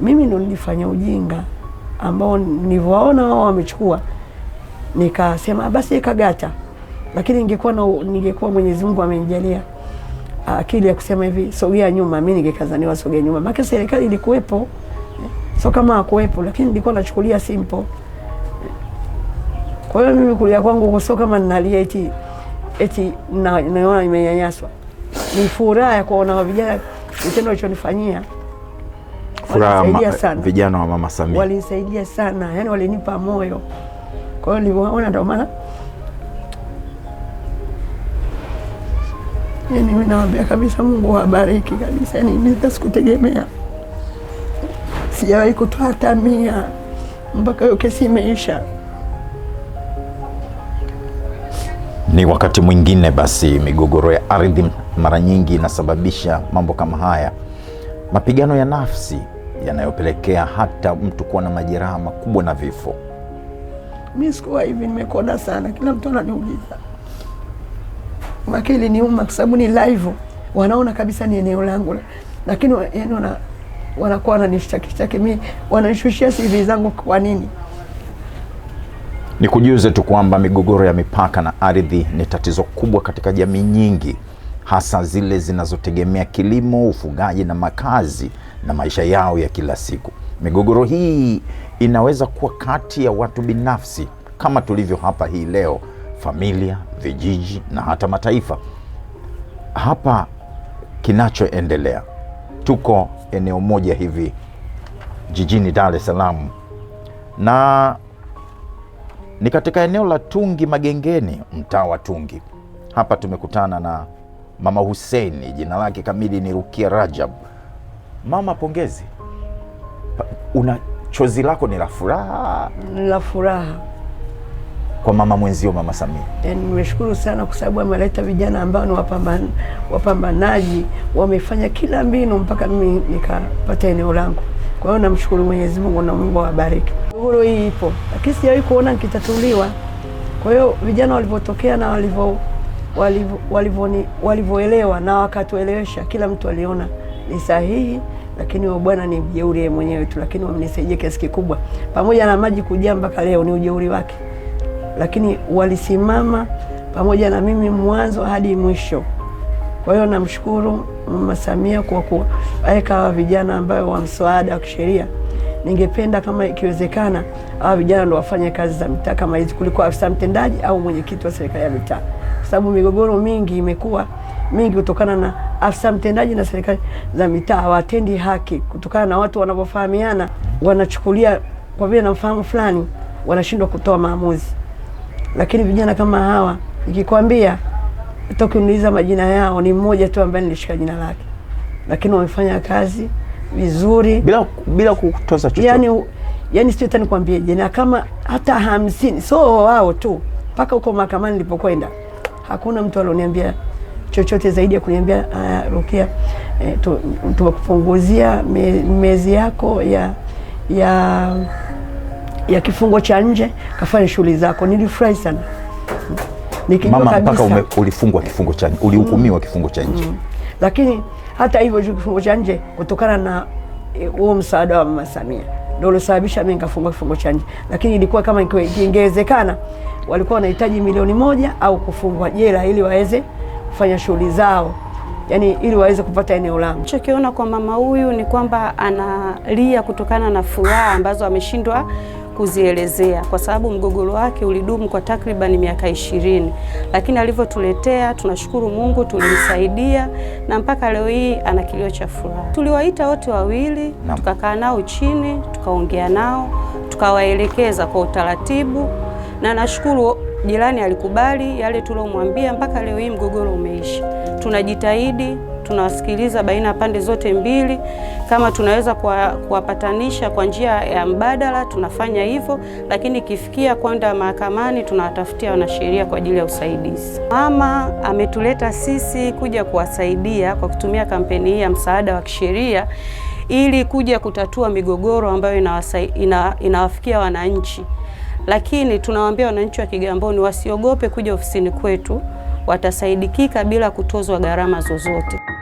mimi ndo nilifanya ujinga ambao nilivyowaona wao wamechukua, nikasema ah, basi ikagata. Lakini ningekuwa na ningekuwa Mwenyezi Mungu amenijalia akili ya kusema hivi, sogea nyuma, mimi ningekazaniwa sogea nyuma, maana serikali ilikuwepo, so kama hakuwepo, lakini nilikuwa nachukulia simple. Kwa hiyo mimi kulia kwangu kwa sio kama ninalia eti eti naona imenyanyaswa, ni furaha ya kuona vijana kitendo alichonifanyia furaha vijana wa Mama Samia walinisaidia sana, yani walinipa moyo. Kwa hiyo nilipoona, ndio maana yani mimi nawaambia kabisa, Mungu wabariki kabisa. Yani mimi sikutegemea, sijawahi kutoa hata mia mpaka hiyo kesi imeisha. Ni wakati mwingine basi, migogoro ya ardhi mara nyingi inasababisha mambo kama haya, mapigano ya nafsi yanayopelekea hata mtu kuwa na majeraha makubwa na vifo. Mi sikuwa hivi, nimekoda sana, kila mtu ananiuliza makili niuma, kwa sababu ni live, wanaona kabisa ni eneo langu, lakini yani wana wanakuwa wananishtakishtaki mi wananishushia CV zangu kwa nini? Nikujuze tu kwamba migogoro ya mipaka na ardhi ni tatizo kubwa katika jamii nyingi, hasa zile zinazotegemea kilimo, ufugaji na makazi, na maisha yao ya kila siku. Migogoro hii inaweza kuwa kati ya watu binafsi kama tulivyo hapa hii leo, familia, vijiji na hata mataifa. Hapa kinachoendelea, tuko eneo moja hivi jijini Dar es Salaam na ni katika eneo la Tungi Magengeni, mtaa wa Tungi. Hapa tumekutana na Mama huseni jina lake kamili ni Rukia Rajab, Mama pongezi, una chozi lako ni la furaha, la furaha kwa mama mwenzio, mama Samia. E, nimeshukuru sana kwa sababu ameleta vijana ambao ni wapambanaji, wamefanya kila mbinu mpaka mimi nikapata eneo langu. Kwa hiyo namshukuru Mwenyezi Mungu na Mungu awabariki. Uhuru hii ipo, lakini sijawahi kuona nikitatuliwa. Kwa hiyo vijana walivyotokea na walivyo walivyoelewa na wakatuelewesha, kila mtu aliona ni sahihi lakini huyo bwana ni mjeuri yeye mwenyewe tu, lakini wamnisaidia kiasi kikubwa, pamoja na maji kujaa mpaka leo ni ujeuri wake, lakini walisimama pamoja na mimi mwanzo hadi mwisho. Kwa hiyo namshukuru Mama Samia kwa kuweka hawa vijana ambayo wa mswada wa kisheria. Ningependa kama ikiwezekana, hawa vijana ndo wafanye kazi za mitaa kama hizi kuliko afisa mtendaji au mwenyekiti wa serikali ya mitaa, kwa sababu migogoro mingi imekuwa mingi kutokana na afisa mtendaji na serikali za mitaa hawatendi haki kutokana na watu wanavyofahamiana, wanachukulia kwa vile namfahamu fulani, wanashindwa kutoa maamuzi. Lakini vijana kama hawa nikikwambia, tokiuliza majina yao, ni mmoja tu ambaye nilishika jina lake, lakini wamefanya kazi vizuri bila, bila kutoza chochote yani, yani sio tani nikwambie jina kama hata hamsini, so wao tu mpaka huko mahakamani nilipokwenda hakuna mtu alioniambia chochote zaidi ya kuniambia uh, ah, Rukia eh, tumekupunguzia me, mezi yako ya ya ya kifungo cha nje, kafanya shughuli zako. Nilifurahi sana nikijua mama, kabisa mpaka ulifungwa kifungo cha nje, ulihukumiwa kifungo cha nje mm. Lakini hata hivyo kifungo cha nje kutokana na eh, huo e, msaada wa mama Samia ndio uliosababisha mimi nikafungwa kifungo cha nje, lakini ilikuwa kama ingewezekana, walikuwa wanahitaji milioni moja au kufungwa jela ili waweze kufanya shughuli zao, yani ili waweze kupata eneo lao. Chokiona kwa mama huyu ni kwamba analia kutokana na furaha ambazo ameshindwa kuzielezea kwa sababu mgogoro wake ulidumu kwa takribani miaka ishirini, lakini alivyotuletea, tunashukuru Mungu tulimsaidia, na mpaka leo hii ana kilio cha furaha. Tuliwaita wote wawili, tukakaa nao chini, tukaongea nao, tukawaelekeza kwa utaratibu, na nashukuru Jirani alikubali yale tulomwambia, mpaka leo hii mgogoro umeisha. Tunajitahidi, tunawasikiliza baina ya pande zote mbili. Kama tunaweza kuwapatanisha kwa njia ya mbadala, tunafanya hivyo, lakini ikifikia kwenda mahakamani, tunawatafutia wanasheria kwa ajili ya usaidizi. Mama ametuleta sisi kuja kuwasaidia kwa kutumia kampeni hii ya msaada wa kisheria ili kuja kutatua migogoro ambayo inawafikia wananchi lakini tunawaambia wananchi wa Kigamboni wasiogope kuja ofisini kwetu, watasaidikika bila kutozwa gharama zozote.